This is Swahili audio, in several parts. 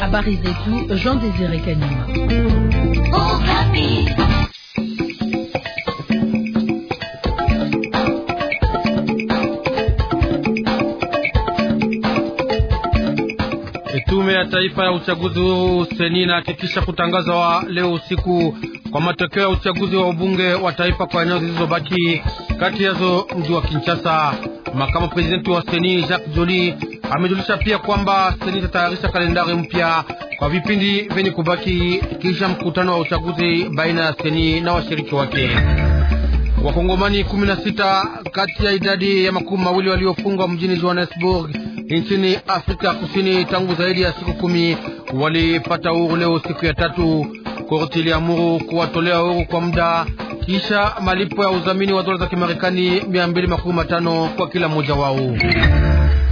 Habari zetu Jean Désiré Kanyama. Tume ya Taifa ya Uchaguzi huu seni inahakikisha kutangazwa leo usiku kwa matokeo ya uchaguzi wa ubunge wa taifa kwa eneo zilizobaki, kati yazo mji wa Kinshasa. Makamu prezidenti wa seni Jacques Joly amejulisha pia kwamba seni itatayarisha kalendari mpya kwa vipindi vyenye kubaki kisha mkutano wa uchaguzi baina ya seni na washiriki wake. Wakongomani 16 kati ya idadi ya makumi mawili waliofungwa mjini Johannesburg nchini Afrika Kusini tangu zaidi ya siku kumi walipata uhuru leo, siku ya tatu. Korti iliamuru kuwatolea uhuru kwa muda kisha malipo ya udhamini wa dola za Kimarekani 250 kwa kila mmoja wao.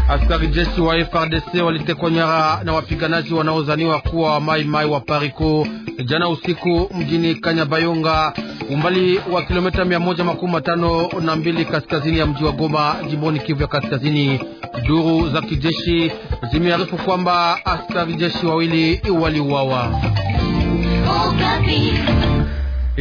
Askari jeshi wa frdc walitekwa nyara na wapiganaji wanaozaniwa kuwa wa mai mai wa Pariko jana usiku mjini Kanyabayonga, umbali wa kilomita 152 na mbili kaskazini ya mji wa Goma, jimboni Kivu ya Kaskazini. Duru za kijeshi zimearifu kwamba askari jeshi wawili waliuawa. Oh,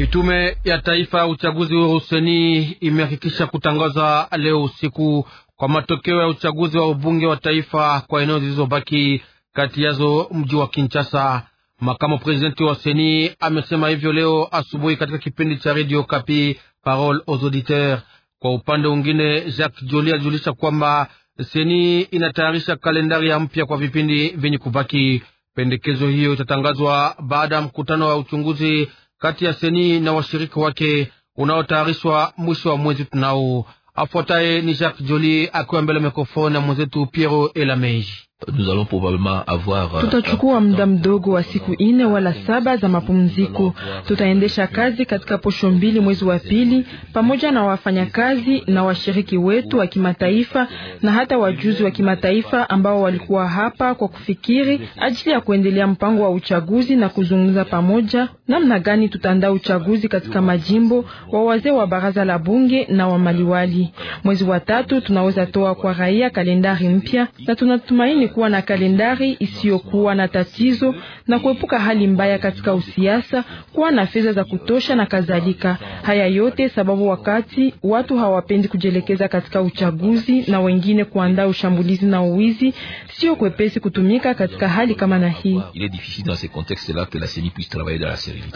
Tume ya Taifa ya Uchaguzi huru seni imehakikisha kutangaza leo usiku kwa matokeo ya uchaguzi wa ubunge wa taifa kwa eneo zilizobaki kati yazo mji wa Kinshasa. Makamu prezidenti wa seni amesema hivyo leo asubuhi katika kipindi cha Radio Kapi Parole aux Auditeurs. Kwa upande mwingine, Jacques Joli ajulisha kwamba seni inatayarisha kalendari ya mpya kwa vipindi vyenye kubaki. Pendekezo hiyo itatangazwa baada ya mkutano wa uchunguzi kati ya Seni na washirika wake unaotayarishwa mwisho wa mwezi tunao. Afuataye ni Jacques Joli akiwa mbele mikrofoni ya mwenzetu Piero Elameji. Euh, tutachukua muda mdogo wa siku euh, ine wala saba za mapumziko. Euh, Tutaendesha kazi katika posho mbili mwezi wa pili, pamoja na wafanyakazi na washiriki wetu wa kimataifa na hata wajuzi wa kimataifa ambao walikuwa hapa kwa kufikiri ajili ya kuendelea mpango wa uchaguzi na kuzungumza pamoja namna gani tutaandaa uchaguzi katika majimbo wa wazee wa baraza la bunge na wa maliwali. Mwezi wa tatu tunaweza toa kwa raia kalendari mpya na tunatumaini ili kuwa na kalendari isiyokuwa na tatizo na kuepuka hali mbaya katika usiasa, kuwa na fedha za kutosha na kadhalika. Haya yote sababu wakati watu hawapendi kujielekeza katika uchaguzi na wengine kuandaa ushambulizi na uwizi, sio kwepesi kutumika katika hali kama na hii.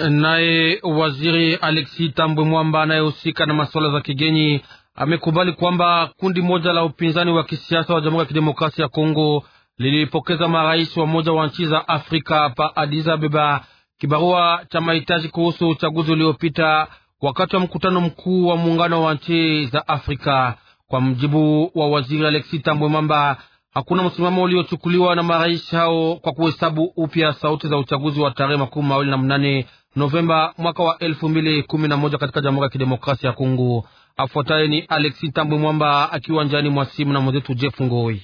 Naye waziri Alexi Tambwe Mwamba anayehusika na masuala za kigeni amekubali kwamba kundi moja la upinzani wa kisiasa wa Jamhuri ya Kidemokrasia ya Kongo lilipokeza marais wa moja wa nchi za Afrika pa Addis Ababa kibarua cha mahitaji kuhusu uchaguzi uliopita wakati wa mkutano mkuu wa muungano wa nchi za Afrika. Kwa mjibu wa waziri Alexi Tambwe Mwamba, hakuna msimamo uliochukuliwa na marais hao kwa kuhesabu upya sauti za uchaguzi wa tarehe makumi mawili na mnane Novemba mwaka wa elfu mbili kumi na moja katika Jamhuri ya Kidemokrasia ya Kongo. Afuataye ni Alexi Tambwe Mwamba akiwa njani mwa simu na mwenzetu Jeff Ngoi.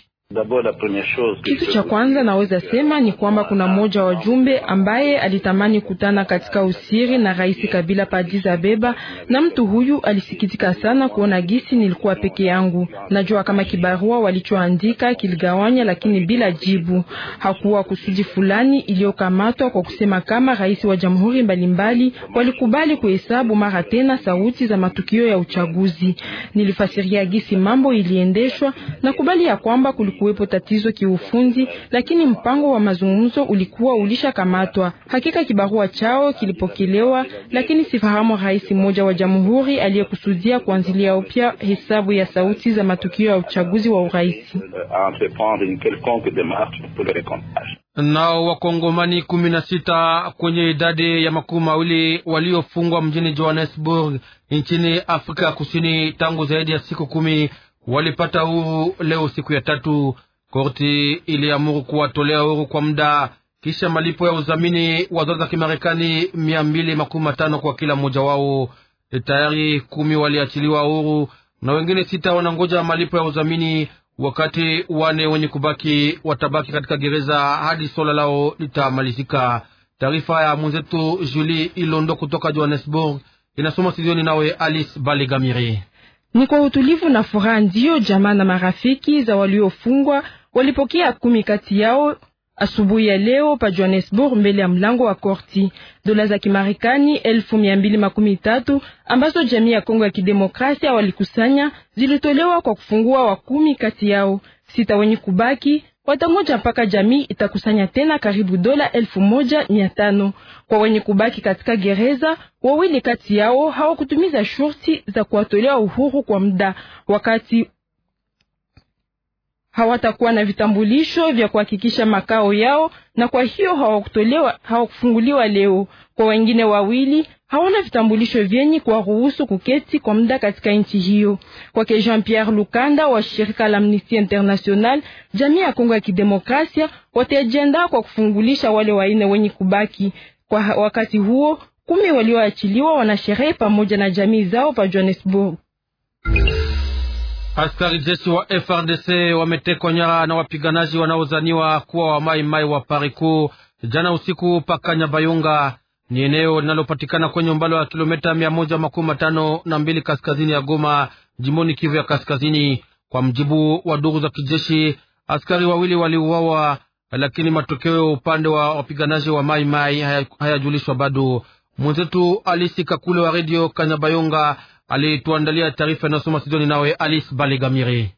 Kitu cha kwanza naweza sema ni kwamba kuna mmoja wa jumbe ambaye alitamani kutana katika usiri na Rais Kabila pa Addis Abeba, na mtu huyu alisikitika sana kuona gisi nilikuwa peke yangu. Najua kama kibarua walichoandika kiligawanya, lakini bila jibu. Hakuwa kusudi fulani iliyokamatwa kwa kusema kama rais wa jamhuri mbalimbali walikubali kuhesabu mara tena sauti za matukio ya uchaguzi. Nilifasiria gisi mambo iliendeshwa na kubali ya kwamba kuwepo tatizo kiufundi, lakini mpango wa mazungumzo ulikuwa ulishakamatwa. Hakika kibarua chao kilipokelewa, lakini sifahamu rais mmoja wa jamhuri aliyekusudia kuanzilia upya hesabu ya sauti za matukio ya uchaguzi wa urais. Nao wakongomani kumi na sita kwenye idadi ya makumi mawili waliofungwa mjini Johannesburg nchini Afrika Kusini tangu zaidi ya siku kumi walipata huru leo siku ya tatu. Korti iliamuru kuwatolea huru kwa muda kisha malipo ya uzamini wa dola za Kimarekani mia mbili makumi matano kwa kila mmoja wao. Tayari kumi waliachiliwa huru na wengine sita wanangoja malipo ya uzamini, wakati wane wenye kubaki watabaki katika gereza hadi swala lao litamalizika. Taarifa ya mwenzetu Julie Ilondo kutoka Johannesburg inasoma studioni, nawe Alice Baligamiri. Ni kwa utulivu na furaha ndiyo jamaa na marafiki za waliofungwa walipokea kumi kati yao asubuhi ya leo pa Johannesburg mbele ya mlango wa korti. Dola za Kimarekani elfu mia mbili makumi tatu ambazo jamii ya Kongo ya Kidemokrasia walikusanya zilitolewa kwa kufungua wa kumi kati yao, sita wenye kubaki watangoja mpaka jamii itakusanya tena karibu dola elfu moja mia tano kwa wenye kubaki katika gereza. Wawili kati yao hawakutumiza shurti za kuwatolewa uhuru kwa muda wakati hawatakuwa na vitambulisho vya kuhakikisha makao yao, na kwa hiyo hawakutolewa, hawakufunguliwa leo. Kwa wengine wawili hawana vitambulisho vyenye kuwaruhusu kuketi kwa muda katika nchi hiyo. Kwake Jean Pierre Lukanda wa shirika la Amnesty International, jamii ya Kongo ya Kidemokrasia watajiandaa kwa kufungulisha wale waine wenye kubaki. Kwa wakati huo, kumi walioachiliwa wanasherehe pamoja na jamii zao pa Johannesburg. Askari jeshi wa FRDC wametekwa nyara na wapiganaji wanaozaniwa kuwa wa mai mai wa Pariku jana usiku paka Nyabayunga. Ni eneo linalopatikana kwenye umbali wa kilomita mia moja makumi matano na mbili kaskazini ya Goma, jimboni Kivu ya Kaskazini. Kwa mjibu wa duru za kijeshi, askari wawili waliuawa, lakini matokeo ya upande wa wapiganaji wa mai mai hayajulishwa haya bado. Mwenzetu Alisi Kakule wa redio Kanyabayonga alituandalia taarifa inayosoma Sidoni nawe Alice Balegamire.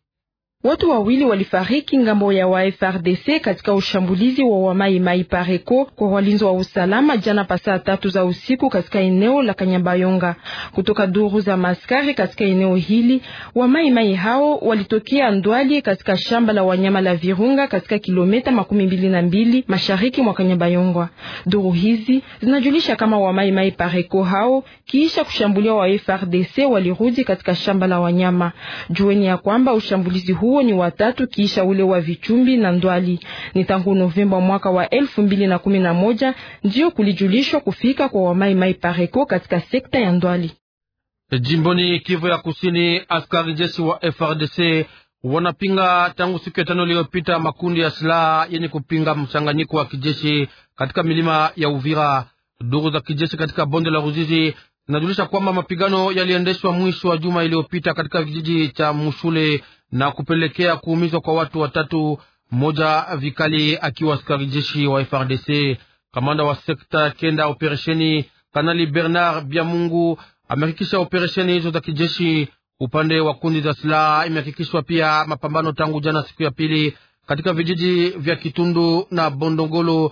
Watu wawili walifariki ngambo ya wa FRDC katika ushambulizi wa wamaimai pareko kwa walinzi wa usalama jana pasaa tatu za usiku katika eneo la Kanyabayonga. Kutoka duru za maskari katika eneo hili, wamaimai hao walitokea Ndwali katika shamba la wanyama la Virunga katika kilomita makumi mbili na mbili mashariki mwa Kanyabayonga. Duru hizi zinajulisha kama wamaimai pareko hao kisha kushambulia wa FRDC walirudi katika shamba la wanyama. Jueni ya kwamba ushambulizi huu huo ni watatu kisha ule wa Vichumbi na Ndwali. Ni tangu Novemba mwaka wa elfu mbili na kumi na moja ndio kulijulishwa kufika kwa wamaimai Pareko katika sekta ya Ndwali. Jimboni Kivu ya Kusini, askari jeshi wa FRDC wanapinga tangu siku ya tano iliyopita makundi ya silaha yenye kupinga mchanganyiko wa kijeshi katika milima ya Uvira. Duru za kijeshi katika bonde la Ruzizi inajulisha kwamba mapigano yaliendeshwa mwisho wa juma iliyopita katika kijiji cha Mushule na kupelekea kuumizwa kwa watu watatu, mmoja vikali akiwa askari jeshi wa FRDC. Kamanda wa sekta kenda operesheni Kanali Bernard Byamungu amehakikisha operesheni hizo za kijeshi. Upande wa kundi za silaha imehakikishwa pia mapambano tangu jana siku ya pili katika vijiji vya Kitundu na Bondongolo,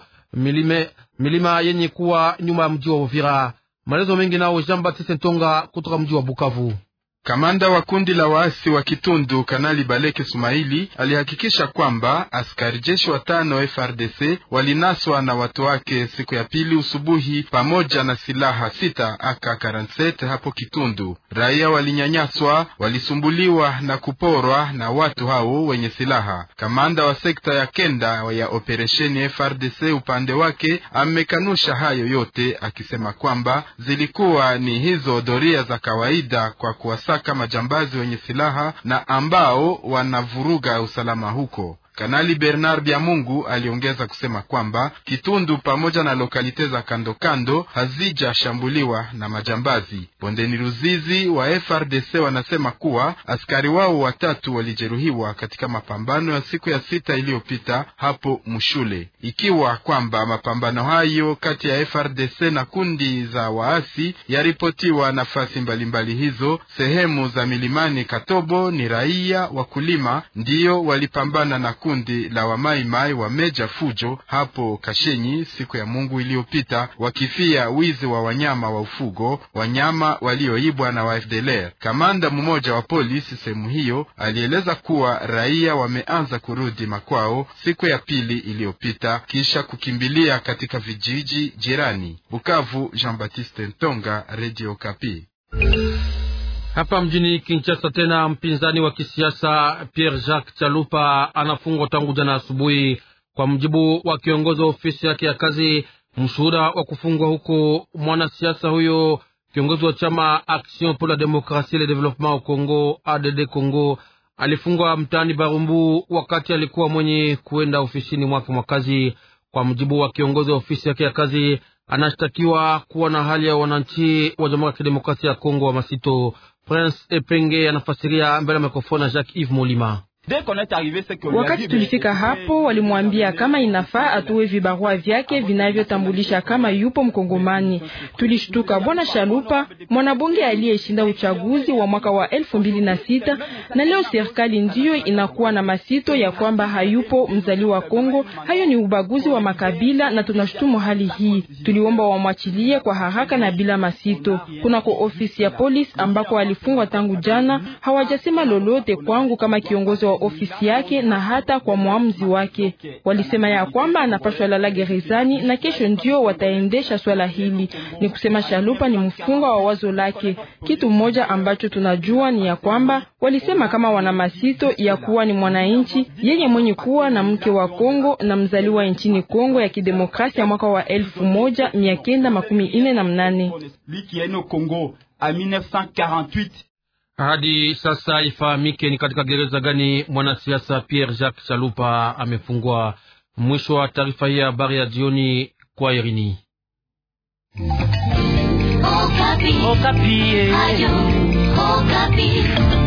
milima yenye kuwa nyuma ya mji wa Uvira. Maelezo mengi nao Jean Baptiste Ntonga kutoka mji wa Bukavu. Kamanda wa kundi la waasi wa Kitundu Kanali Baleke Sumaili alihakikisha kwamba askari jeshi tano FRDC walinaswa na watu wake siku ya pili usubuhi pamoja na silaha sita AK47 hapo Kitundu. Raia walinyanyaswa, walisumbuliwa na kuporwa na watu hao wenye silaha. Kamanda wa sekta ya kenda ya operesheni FRDC upande wake amekanusha hayo yote akisema kwamba zilikuwa ni hizo doria za kawaida kwa kuwasa kama jambazi wenye silaha na ambao wanavuruga usalama huko. Kanali Bernard Byamungu aliongeza kusema kwamba Kitundu pamoja na lokalite za kandokando hazijashambuliwa na majambazi. Bondeni Ruzizi wa FRDC wanasema kuwa askari wao watatu walijeruhiwa katika mapambano ya siku ya sita iliyopita hapo Mushule, ikiwa kwamba mapambano hayo kati ya FRDC na kundi za waasi yaripotiwa nafasi mbalimbali hizo, sehemu za milimani Katobo. Ni raia wakulima ndiyo walipambana na kundi kundi la wamaimai wameja fujo hapo Kashenyi siku ya Mungu iliyopita, wakifia wizi wa wanyama wa ufugo, wanyama walioibwa na wa FDLR. Kamanda mmoja wa polisi sehemu hiyo alieleza kuwa raia wameanza kurudi makwao siku ya pili iliyopita kisha kukimbilia katika vijiji jirani. Bukavu, Jean Baptiste Ntonga, Radio Kapi. Hapa mjini Kinshasa tena mpinzani wa kisiasa Pierre Jacques Chalupa anafungwa tangu jana asubuhi, kwa mjibu wa kiongozi wa ofisi yake ya kazi. Mshuhuda wa kufungwa huko mwanasiasa huyo kiongozi wa chama Action pour la Democratie le Développement au Congo ADD Congo alifungwa mtaani Barumbu wakati alikuwa mwenye kuenda ofisini mwake mwa kazi. Kwa mjibu wa kiongozi wa ofisi yake ya kazi, anashtakiwa kuwa na hali ya wananchi wa Jamhuri ya Kidemokrasia ya Kongo wa masito Prince Epenge anafasiria mbele ya mikrofoni ya Jacques Yves Molima. Wakati tulifika hapo, walimwambia kama inafaa atoe vibarua vyake vinavyotambulisha kama yupo Mkongomani. Tulishtuka. Bwana Shalupa, mwanabunge aliyeshinda uchaguzi wa mwaka wa elfu mbili na sita, na leo serikali ndiyo inakuwa na masito ya kwamba hayupo mzaliwa wa Kongo. Hayo ni ubaguzi wa makabila na tunashutumu hali hii. Tuliomba wamwachilie kwa haraka na bila masito. Kunako ofisi ya polisi ambako alifungwa tangu jana, hawajasema lolote kwangu kama kiongozi wa ofisi yake na hata kwa mwamuzi wake. Walisema ya kwamba anapaswa lala gerezani na kesho ndio wataendesha swala hili. Ni kusema Shalupa ni mfungwa wa wazo lake. Kitu mmoja ambacho tunajua ni ya kwamba walisema kama wana masito ya kuwa ni mwananchi yenye mwenye kuwa na mke wa Kongo na mzaliwa nchini Kongo ya kidemokrasia mwaka wa elfu moja mia kenda makumi ine na mnane. Hadi sasa ifahamike ni katika gereza gani mwanasiasa Pierre Jacques Chalupa amefungwa. Mwisho wa taarifa hii ya habari ya jioni kwa Irini Okapi. Okapi. Eh.